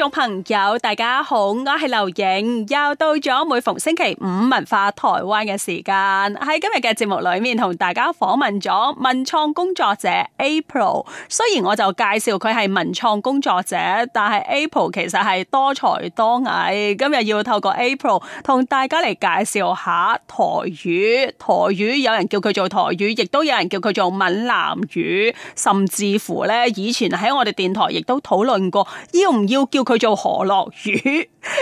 聽眾朋友，大家好，我係劉影，又到咗每逢星期五文化台灣嘅時間。喺今日嘅節目裏面，同大家訪問咗文創工作者 April。雖然我就介紹佢係文創工作者，但係 April 其實係多才多藝。今日要透過 April 同大家嚟介紹下台語。台語有人叫佢做台語，亦都有人叫佢做閩南語，甚至乎咧，以前喺我哋電台亦都討論過，要唔要叫佢做河洛語，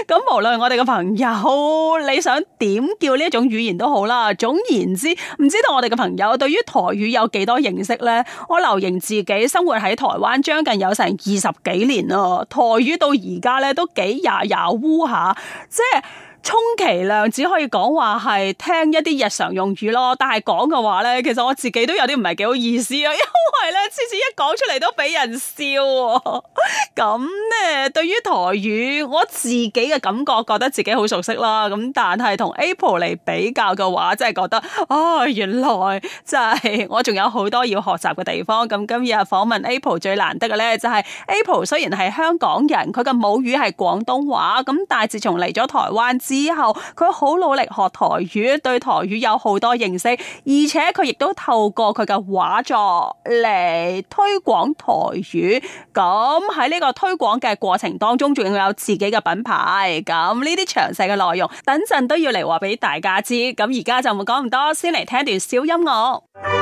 咁 無論我哋嘅朋友，你想點叫呢一種語言都好啦。總言之，唔知道我哋嘅朋友對於台語有幾多認識呢？我留意自己生活喺台灣將近有成二十幾年啦，台語到而家咧都幾牙牙烏下，即係充其量只可以講話係聽一啲日常用語咯。但係講嘅話呢，其實我自己都有啲唔係幾好意思啊，因為呢，次次一講出嚟都俾人笑啊。 咁咧、嗯，對於台語我自己嘅感覺覺得自己好熟悉啦。咁但係同 Apple 嚟比較嘅話真係覺得，哦，原來就係我仲有好多要學習嘅地方。咁今日訪問 Apple 最難得嘅咧，就係 Apple 雖然係香港人，佢嘅母語係廣東話，咁但係自從嚟咗台灣之後，佢好努力學台語，對台語有好多認識，而且佢亦都透過佢嘅畫作嚟推廣台語，咁喺呢個。推廣嘅過程當中，仲要有自己嘅品牌，咁呢啲詳細嘅內容，等陣都要嚟話俾大家知。咁而家就唔講咁多，先嚟聽段小音樂。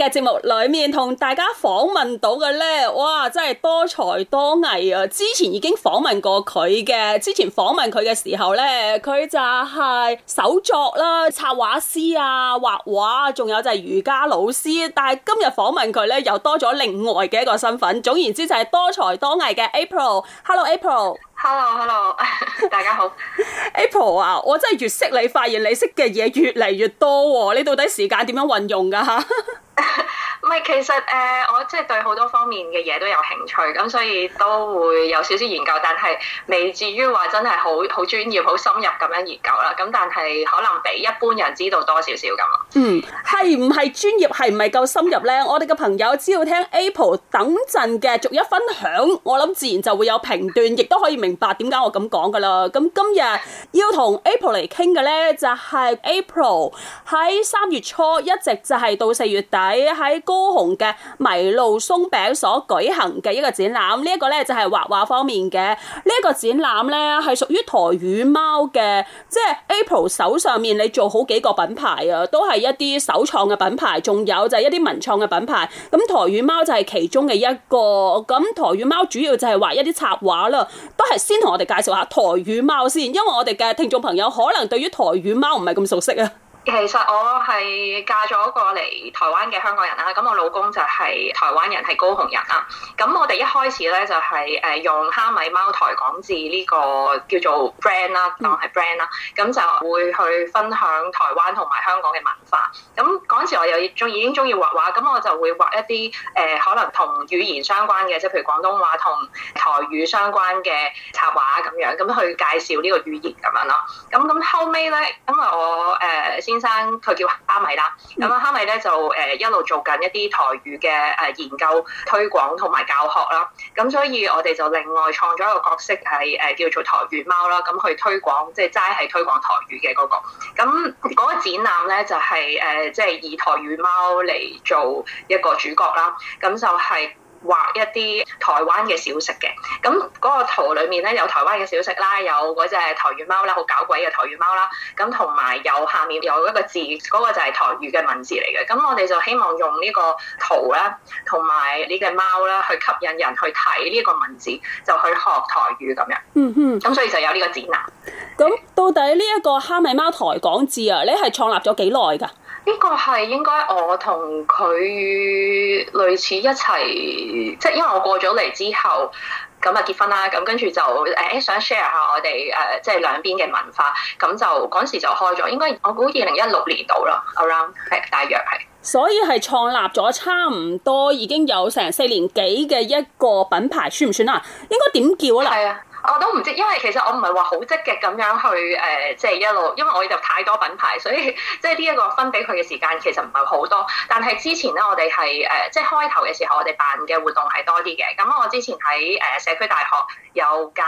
嘅節目裡面同大家訪問到嘅呢，哇！真係多才多藝啊！之前已經訪問過佢嘅，之前訪問佢嘅時候呢，佢就係手作啦、插畫師啊、畫畫，仲有就係瑜伽老師。但係今日訪問佢呢，又多咗另外嘅一個身份。總言之，就係多才多藝嘅 April。Hello，April。Hello，Hello，hello. 大家好。Apple 啊，我真係越識你，發現你識嘅嘢越嚟越多喎、哦。你到底時間點樣運用噶吓？ 喂，其實誒、呃、我即係對好多方面嘅嘢都有興趣，咁所以都會有少少研究，但係未至於話真係好好專業好深入咁樣研究啦。咁但係可能比一般人知道多少少咁，嗯，係唔係專業，係唔係夠深入咧？我哋嘅朋友只要聽 April 等陣嘅逐一分享，我諗自然就會有評斷，亦都可以明白點解我咁講噶啦。咁今日要同 April 嚟傾嘅咧，就係、是、April 喺三月初一直就係到四月底喺高高雄嘅迷路鬆餅所舉行嘅一個展覽，呢一個咧就係畫畫方面嘅。呢一個展覽咧係屬於台語貓嘅，即係 Apple 手上面你做好幾個品牌啊，都係一啲首創嘅品牌，仲有就係一啲文創嘅品牌。咁台語貓就係其中嘅一個。咁台語貓主要就係畫一啲插畫啦，都係先同我哋介紹下台語貓先，因為我哋嘅聽眾朋友可能對於台語貓唔係咁熟悉啊。其實我係嫁咗過嚟台灣嘅香港人啦，咁我老公就係台灣人，係高雄人啦。咁我哋一開始咧就係誒用蝦米貓台港字呢個叫做 brand 啦，當係 brand 啦，咁就會去分享台灣同埋香港嘅文化。咁嗰陣時我又仲已經鍾意畫畫，咁我就會畫一啲誒、呃、可能同語言相關嘅，即係譬如廣東話同台語相關嘅插畫咁樣，咁去介紹呢個語言咁樣咯。咁咁後尾咧，因為我誒。呃先生佢叫哈米啦，咁啊哈米咧就誒、呃、一路做緊一啲台語嘅誒、呃、研究、推廣同埋教學啦。咁所以，我哋就另外創咗一個角色係誒、呃、叫做台語貓啦，咁去推廣，即係齋係推廣台語嘅嗰、那個。咁嗰個展覽咧就係誒即係以台語貓嚟做一個主角啦。咁就係、是。畫一啲台灣嘅小食嘅，咁嗰個圖裏面咧有台灣嘅小食啦，有嗰隻台語貓啦，好搞鬼嘅台語貓啦，咁同埋右下面有一個字，嗰、嗰個就係台語嘅文字嚟嘅。咁我哋就希望用呢個圖咧，同埋呢隻貓啦，去吸引人去睇呢一個文字，就去學台語咁樣。嗯嗯，咁所以就有呢個展覽。咁、嗯、到底呢一個蝦米貓台港字啊，你係創立咗幾耐噶？呢個係應該我同佢類似一齊，即係因為我過咗嚟之後，咁啊結婚啦，咁跟住就誒、欸、想 share 下我哋誒、呃、即係兩邊嘅文化，咁就嗰陣時就開咗，應該我估二零一六年到啦，around 係，大約係。所以係創立咗差唔多已經有成四年幾嘅一個品牌，算唔算啊？應該點叫啊？係呀。我都唔知，因為其實我唔係話好積極咁樣去誒、呃，即係一路，因為我哋就太多品牌，所以即係呢一個分俾佢嘅時間其實唔係好多。但係之前咧，我哋係誒，即係開頭嘅時候，我哋辦嘅活動係多啲嘅。咁我之前喺誒、呃、社區大學有教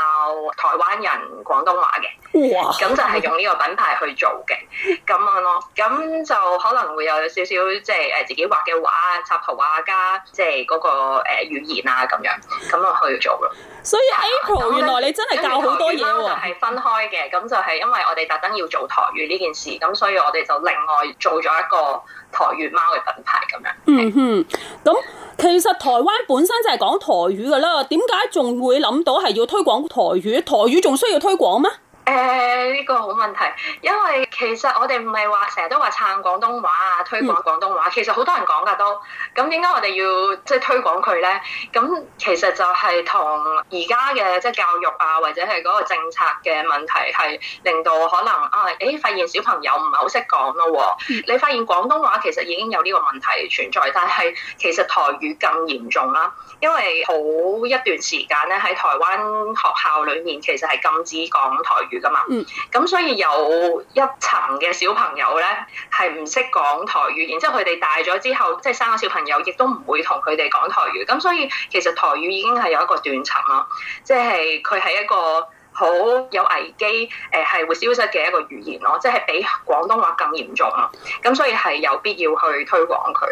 台灣人廣東話嘅，咁嘩就係用呢個品牌去做嘅咁樣咯。咁就可能會有少少即係誒自己畫嘅畫插圖畫，加即係嗰個誒語言啊咁樣，咁咯去做咯。所以喺好耐。你真係教好多嘢喎、啊！係分開嘅，咁就係因為我哋特登要做台語呢件事，咁所以我哋就另外做咗一個台語貓嘅品牌咁樣。嗯哼，咁、嗯、其實台灣本身就係講台語㗎啦，點解仲會諗到係要推廣台語？台語仲需要推廣咩？誒呢、欸這個好問題，因為其實我哋唔係話成日都話撐廣東話啊，推廣廣東話，嗯、其實好多人講㗎都。咁點解我哋要即係、就是、推廣佢咧？咁其實就係同而家嘅即係教育啊，或者係嗰個政策嘅問題，係令到可能啊，誒、哎、發現小朋友唔係好識講咯、啊。嗯、你發現廣東話其實已經有呢個問題存在，但係其實台語更嚴重啦、啊。因為好一段時間咧，喺台灣學校裏面其實係禁止講台語。嘅嘛，嗯、咁所以有一層嘅小朋友咧係唔識講台語，然之後佢哋大咗之後，即係生個小朋友，亦都唔會同佢哋講台語。咁所以其實台語已經係有一個斷層咯，即係佢係一個好有危機，誒係會消失嘅一個語言咯，即係比廣東話更嚴重啊！咁所以係有必要去推廣佢。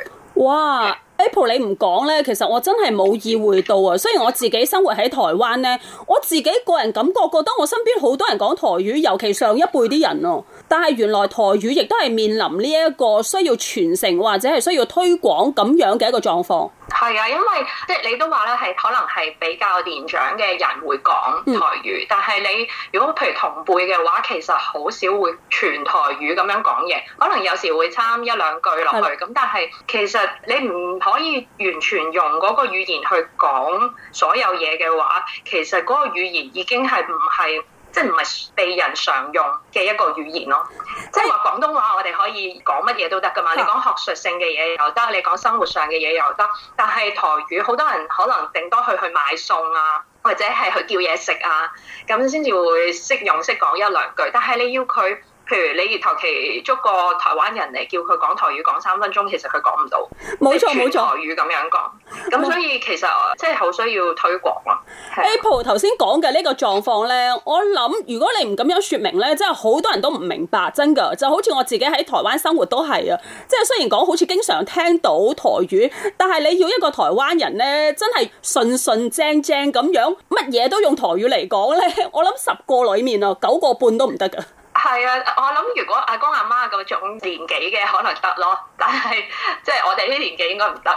哇！Apple，你唔講咧，其實我真係冇意會到啊。雖然我自己生活喺台灣咧，我自己個人感覺覺得我身邊好多人講台語，尤其上一輩啲人哦。但係原來台語亦都係面臨呢一個需要傳承或者係需要推廣咁樣嘅一個狀況。係啊，因為即係你都話咧，係可能係比較年長嘅人會講台語，嗯、但係你如果譬如同輩嘅話，其實好少會全台語咁樣講嘢，可能有時會參一兩句落去。咁的但係其實你唔可以完全用嗰個語言去講所有嘢嘅話，其實嗰個語言已經係唔係即係唔係被人常用嘅一個語言咯？即係話廣東話我哋可以講乜嘢都得噶嘛？你講學術性嘅嘢又得，你講生活上嘅嘢又得。但係台語好多人可能頂多去去買餸啊，或者係去叫嘢食啊，咁先至會識用識講一兩句。但係你要佢。譬如你月頭期捉個台灣人嚟叫佢講台語講三分鐘，其實佢講唔到。冇錯，冇錯，台語咁樣講。咁錯所以其實即係好需要推廣咯。 是 Apple 頭先講嘅呢個狀況咧，我諗如果你唔咁樣説明咧，即係好多人都唔明白真㗎。就好似我自己喺台灣生活都係啊，即、就、係、是、雖然講好似經常聽到台語，但係你要一個台灣人咧，真係純純正正咁樣乜嘢都用台語嚟講咧，我諗十個裡面啊，九個半都唔得㗎。係啊，我諗如果阿公阿媽咁種年紀嘅可能得咯，但係即係我哋呢年紀應該唔得。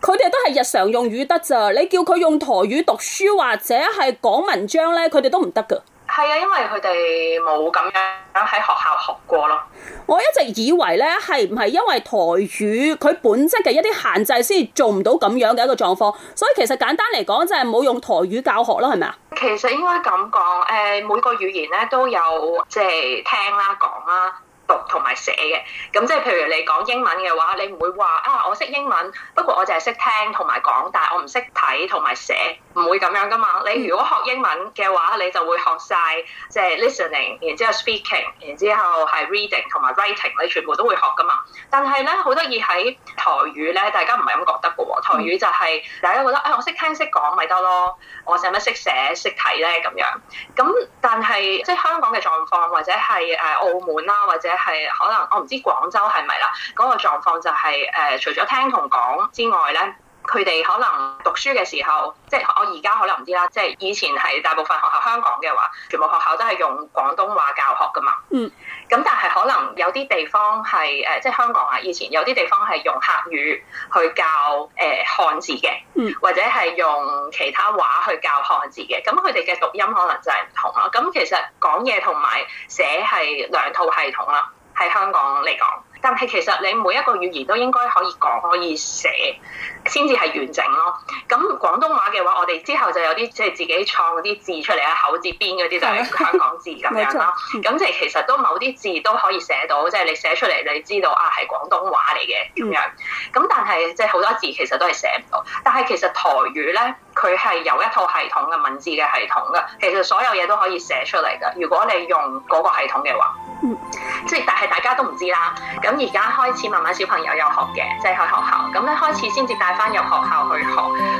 佢哋都係日常用語得咋，你叫佢用台語讀書或者係講文章咧，佢哋都唔得噶。係啊，因為佢哋冇咁樣喺學校學過咯。我一直以為咧，係唔係因為台語佢本身嘅一啲限制先做唔到咁樣嘅一個狀況？所以其實簡單嚟講，就係、是、冇用台語教學咯，係咪啊？其實應該咁講，誒，每個語言咧都有，即係聽啦、講啦，讀同埋寫嘅，咁、嗯、即係譬如你講英文嘅話，你唔會話啊，我識英文，不過我淨係識聽同埋講，但係我唔識睇同埋寫，唔會咁樣噶嘛。你如果學英文嘅話，你就會學晒即係 listening，然之後 speaking，然之後係 reading 同埋 writing，你全部都會學噶嘛。但係咧，好多嘢喺台語咧，大家唔係咁覺得噶喎。台語就係、是、大家覺得啊、哎，我識聽識講咪得咯，我使乜識寫識睇咧咁樣。咁、嗯、但係即係香港嘅狀況，或者係誒、呃、澳門啦、啊，或者～係可能我唔知廣州係咪啦，嗰、那個狀況就係、是、誒、呃，除咗聽同講之外咧。佢哋可能讀書嘅時候，即係我而家可能唔知啦。即係以前係大部分學校香港嘅話，全部學校都係用廣東話教學㗎嘛。嗯。咁但係可能有啲地方係誒，即係香港啊，以前有啲地方係用客語去教誒、呃、漢字嘅，嗯，或者係用其他話去教漢字嘅。咁佢哋嘅讀音可能就係唔同咯。咁其實講嘢同埋寫係兩套系統啦，喺香港嚟講。但係其實你每一個語言都應該可以講可以寫，先至係完整咯。咁廣東話嘅話，我哋之後就有啲即係自己創嗰啲字出嚟啊，口字邊嗰啲就係香港字咁樣啦。咁即係其實都某啲字都可以寫到，即係你寫出嚟你知道啊係廣東話嚟嘅咁樣。咁，嗯，但係即係好多字其實都係寫唔到。但係其實台語咧。佢係有一套系統嘅文字嘅系統嘅，其實所有嘢都可以寫出嚟嘅。如果你用嗰個系統嘅話，即係、嗯、但係大家都唔知啦。咁而家開始慢慢小朋友有學嘅，即係喺學校咁咧，開始先至帶翻入學校去學，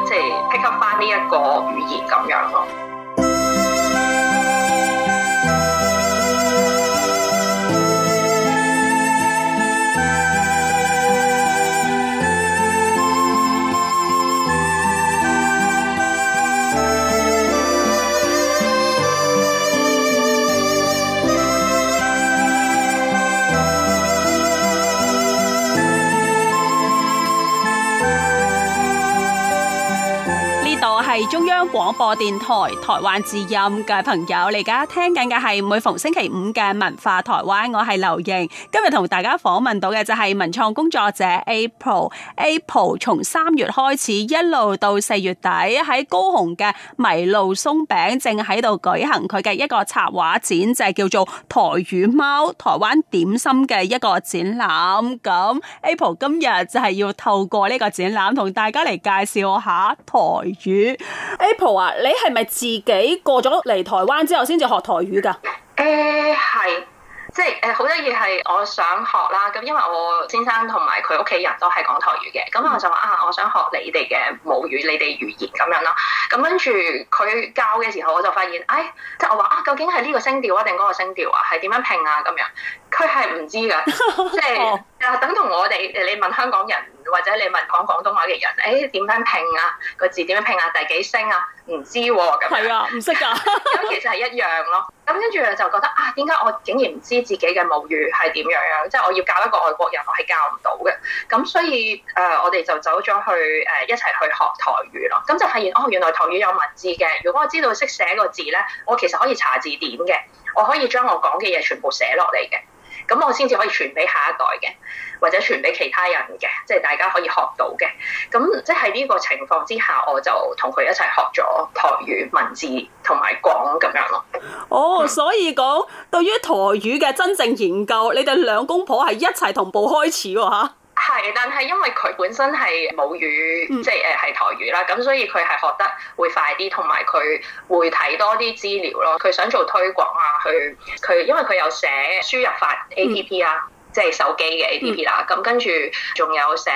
即係 pick up 翻呢一個語言咁樣咯。播電台台灣之音嘅朋友，你而家聽緊嘅係每逢星期五嘅文化台灣，我係劉瑩，今日同大家訪問到嘅就係文創工作者 April。April 從三月開始一路到四月底，喺高雄嘅迷路鬆餅正喺度舉行佢嘅一個插畫展，就係、是、叫做台語貓台灣點心嘅一個展覽。咁 April 今日就係要透過呢個展覽同大家嚟介紹下台語。April 啊！你係咪自己過咗嚟台灣之後先至學台語噶？誒、呃，係，即係誒，好、呃、多嘢係我想學啦。咁因為我先生同埋佢屋企人都係講台語嘅，咁我就話啊，我想學你哋嘅母語、你哋語言咁樣咯。咁跟住佢教嘅時候，我就發現，哎，即係我話啊，究竟係呢個聲調啊，定嗰個聲調啊，係點樣拼啊？咁樣，佢係唔知噶， 即係。 啊！等同我哋，你問香港人或者你問講廣東話嘅人，誒點樣拼啊個字？點樣拼啊第幾聲啊？唔知喎咁、啊，唔識㗎。咁 其實係一樣咯。咁跟住就覺得啊，點解我竟然唔知自己嘅母語係點樣樣？即、就、係、是、我要教一個外國人，我係教唔到嘅。咁所以誒、呃，我哋就走咗去誒、呃，一齊去學台語咯。咁就發、是、現哦，原來台語有文字嘅。如果我知道識寫個字咧，我其實可以查字典嘅。我可以將我講嘅嘢全部寫落嚟嘅。咁我先至可以傳俾下一代嘅，或者傳俾其他人嘅，即係大家可以學到嘅。咁即係呢個情況之下，我就同佢一齊學咗台語文字同埋講咁樣咯。哦，所以講對、嗯、於台語嘅真正研究，你哋兩公婆係一齊同步開始喎嚇？係，但係因為佢本身係母語，即係誒係台語啦，咁所以佢係學得會快啲，同埋佢會睇多啲資料咯。佢想做推廣啊，去佢因為佢有寫輸入法 A P P 啊、嗯，即係手機嘅 A P P 啦、嗯，咁跟住仲有寫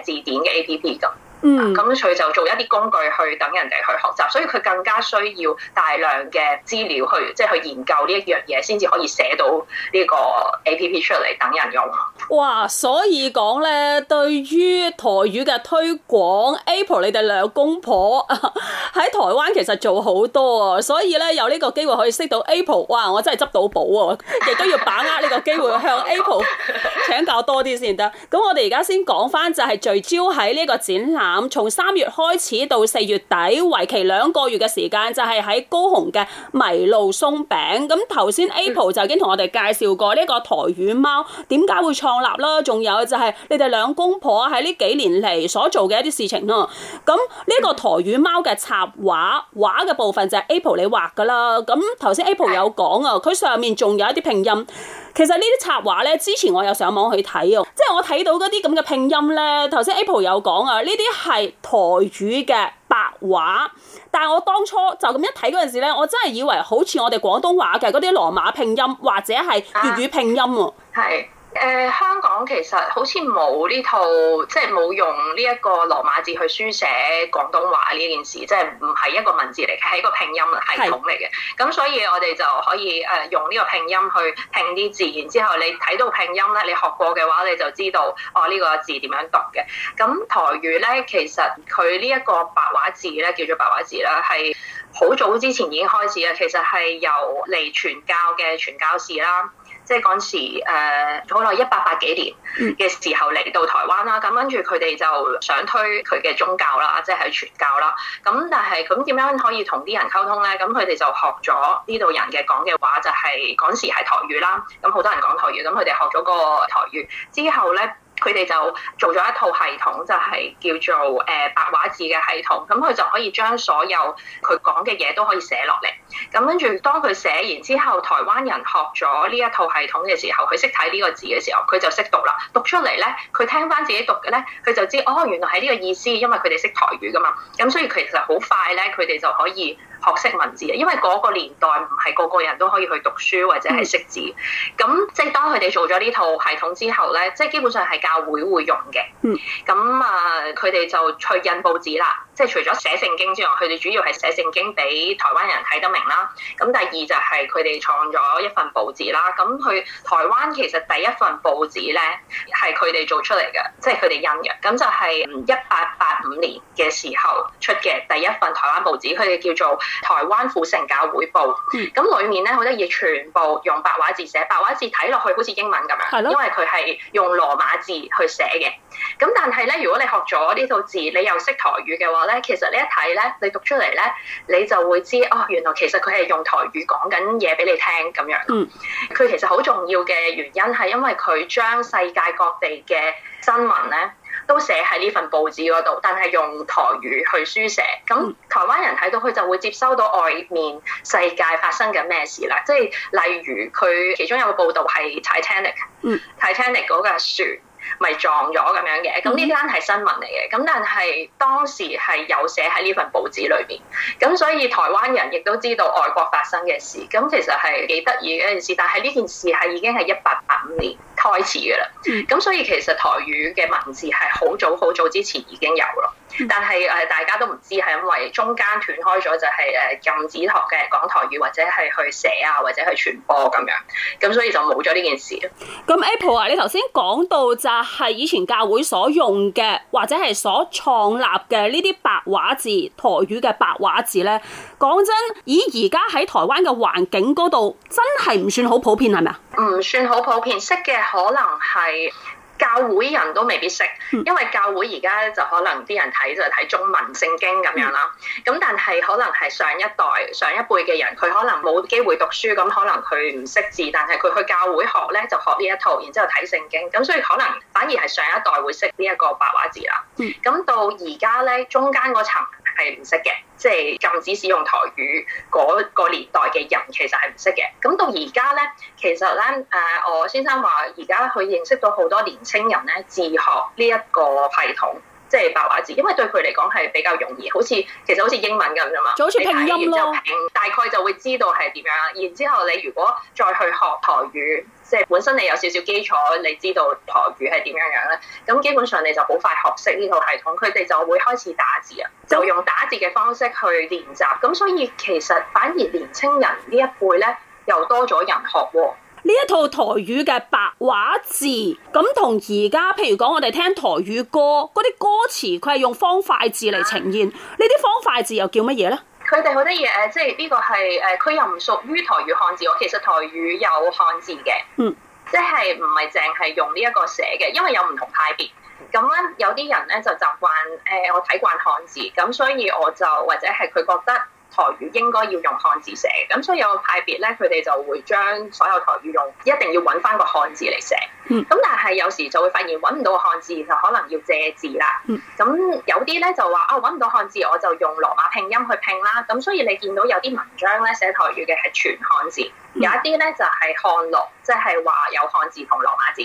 誒字典嘅 A P P 咁。嗯，咁佢、啊、就做一啲工具去等人哋去學習，所以佢更加需要大量嘅資料去，即、就、係、是、去研究呢一樣嘢，先至可以寫到呢個 A P P 出嚟等人用。哇！所以講咧，對於台語嘅推廣，Apple 你哋兩公婆喺台灣其實做好多啊，所以咧有呢個機會可以識到 Apple，哇！我真係執到寶喎、啊，亦都要把握呢個機會 向 Apple 請教多啲先得。咁我哋而家先講返就係聚焦喺呢個展覽。從三月開始到四月底，為期兩個月嘅時間，就係喺高雄嘅迷路鬆餅。咁頭先 Apple 就已經同我哋介紹過呢個台語貓點解會創立啦。仲有就係你哋兩公婆喺呢幾年嚟，所做嘅一啲事情咯。咁呢個台語貓嘅插畫畫嘅部分就係 Apple 你畫噶啦。咁頭先 Apple 有講啊，佢上面仲有一啲拼音。其實呢啲插畫咧，之前我有上網去睇啊，即係我睇到嗰啲咁嘅拼音咧。頭先 Apple 有講啊，呢啲。係台語嘅白話，但係我當初就咁一睇嗰陣時咧，我真係以為好似我哋廣東話嘅嗰啲羅馬拼音，或者係粵語拼音喎。係、啊。誒、呃，香港其實好似冇呢套，即係冇用呢一個羅馬字去書寫廣東話呢件事，即係唔係一個文字嚟嘅，係一個拼音系統嚟嘅。咁是所以我哋就可以誒用呢個拼音去拼啲字，然之後你睇到拼音咧，你學過嘅話，你就知道哦呢、這個字點樣讀嘅。咁台語咧，其實佢呢一個白話字咧，叫做白話字啦，係好早之前已經開始啊。其實係由嚟傳教嘅傳教士啦。即係嗰時，誒好耐一八八幾年嘅時候嚟到台灣啦，咁跟住佢哋就想推佢嘅宗教啦，即係係傳教啦。咁但係咁點樣可以同啲人溝通咧？咁佢哋就學咗呢度人嘅講嘅話，就係、是、嗰時係台語啦。咁好多人講台語，咁佢哋學咗個台語之後咧。佢哋就做咗一套系統，就係叫做誒白話字嘅系統。咁佢就可以將所有佢講嘅嘢都可以寫落嚟。咁跟住，當佢寫完之後，台灣人學咗呢一套系統嘅時候，佢識睇呢個字嘅時候，佢就識讀啦。讀出嚟咧，佢聽返自己讀嘅咧，佢就知哦，原來係呢個意思，因為佢哋識台語㗎嘛。咁所以其實好快咧，佢哋就可以。學識文字啊，因為嗰個年代唔係個個人都可以去讀書或者係識字，咁、嗯、即係當佢哋做咗呢套系統之後咧，即係基本上係教會會用嘅。嗯，咁啊，佢哋就去印報紙啦。即係除咗寫聖經之外，佢哋主要係寫聖經俾台灣人睇得明啦。咁第二就係佢哋創咗一份報紙啦。咁佢台灣其實第一份報紙咧係佢哋做出嚟嘅，即係佢哋印嘅。咁就係一八八五年嘅時候出嘅第一份台灣報紙，佢哋叫做《台灣府城教會報》。咁裏面咧好多嘢全部用白話字寫，白話字睇落去好似英文咁樣，因為佢係用羅馬字去寫嘅。咁但係咧，如果你學咗呢套字，你又識台語嘅話。咧，其實呢一睇咧，你讀出嚟咧，你就會知哦，原來其實佢係用台語講緊嘢俾你聽咁樣。嗯，佢其實好重要嘅原因係因為佢將世界各地嘅新聞咧都寫喺呢份報紙嗰度，但係用台語去書寫。咁台灣人睇到佢就會接收到外面世界發生緊咩事啦。即係例如佢其中有一個報導係 Titanic，Titanic，嗯，嗰架船。咪撞咗咁樣嘅，咁呢單係新聞嚟嘅，咁但係當時係有寫喺呢份報紙裏邊，咁所以台灣人亦都知道外國發生嘅事，咁其實係幾得意嘅一件事。但係呢件事係已經係一八八五年開始嘅啦，咁所以其實台語嘅文字係好早好早之前已經有啦。但係誒，大家都唔知係因為中間斷開咗，就係誒禁止學嘅講台語或者係去寫啊，或者，去，或者去傳播咁樣，咁所以就冇咗呢件事啊。咁 Apple 啊，你頭先講到就係以前教會所用嘅或者係所創立嘅呢啲白話字台語嘅白話字咧，講真，以而家喺台灣嘅環境嗰度，真係唔算好普遍係咪啊？唔算好普遍，普遍識嘅可能係。教會人都未必識，因為教會而家咧就可能啲人睇就睇中文聖經咁樣啦。咁但係可能係上一代、上一輩嘅人，佢可能冇機會讀書，咁可能佢唔識字，但係佢去教會學咧就學呢一套，然之後睇聖經。咁所以可能反而係上一代會識呢一個白話字啦。咁到而家咧，中間嗰層。係唔識嘅，即係、就是、禁止使用台語嗰個年代嘅人其實係唔識嘅。咁到而家咧，其實咧，誒，我先生話而家佢認識到好多年青人咧，自學呢一個系統。即係白話字，因為對佢嚟講係比較容易，好似其實好似英文咁啫嘛。你睇完就拼，大概就會知道係點樣。然後之後你如果再去學台語，即係本身你有少少基礎，你知道台語係點樣樣咧，咁基本上你就好快學識呢套系統。佢哋就會開始打字啊，就用打字嘅方式去練習。咁所以其實反而年青人呢一輩咧，又多咗人學喎。呢一套台語嘅白話字，咁同而家譬如講我哋聽台語歌，嗰啲歌詞佢係用方塊字嚟呈現，呢啲方塊字又叫乜嘢咧？佢哋好多嘢，誒，即係呢個係，誒，佢又唔屬於台語漢字，我其實台語有漢字嘅，嗯，即係唔係淨係用呢一個寫嘅，因為有唔同派別，咁咧有啲人咧就習慣，誒，我睇慣漢字，咁所以我就或者係佢覺得。台語應該要用漢字寫，咁所以有個派別咧，佢哋就會將所有台語用，一定要揾返個漢字嚟寫。咁但係有時就會發現揾唔到漢字，就可能要借字啦。咁有啲咧就話啊，揾唔到漢字，我就用羅馬拼音去拼啦。咁所以你見到有啲文章咧寫台語嘅係全漢字，有一啲咧就係漢羅，即係話有漢字同羅馬字。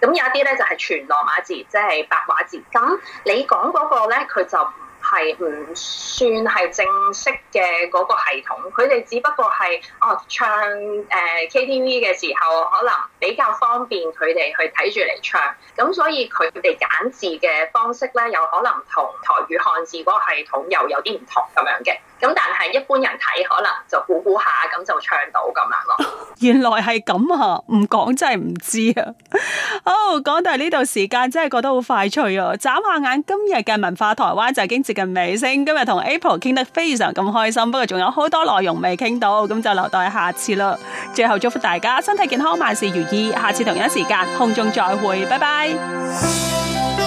咁有一啲咧就係全羅馬字，即係白話字。咁你講嗰個咧，佢就。係唔算係正式嘅個系統，佢哋只不過係哦唱誒 KTV 嘅時候，可能比較方便佢哋去睇住嚟唱，咁所以佢哋揀字嘅方式咧，有可能同台語漢字個系統又有啲唔同咁樣嘅，咁但係一般人睇可能就估估下。就唱到咁樣咯，原來係咁啊！唔講真係唔知啊。哦，講到呢度時間真係過得好快脆啊！眨下眼，今日嘅文化台灣就已經接近尾聲。今日同 Apple 傾得非常咁開心，不過仲有好多內容未傾到，咁就留待下次啦。最後祝福大家身體健康，萬事如意。下次同一時間空中再會，拜拜。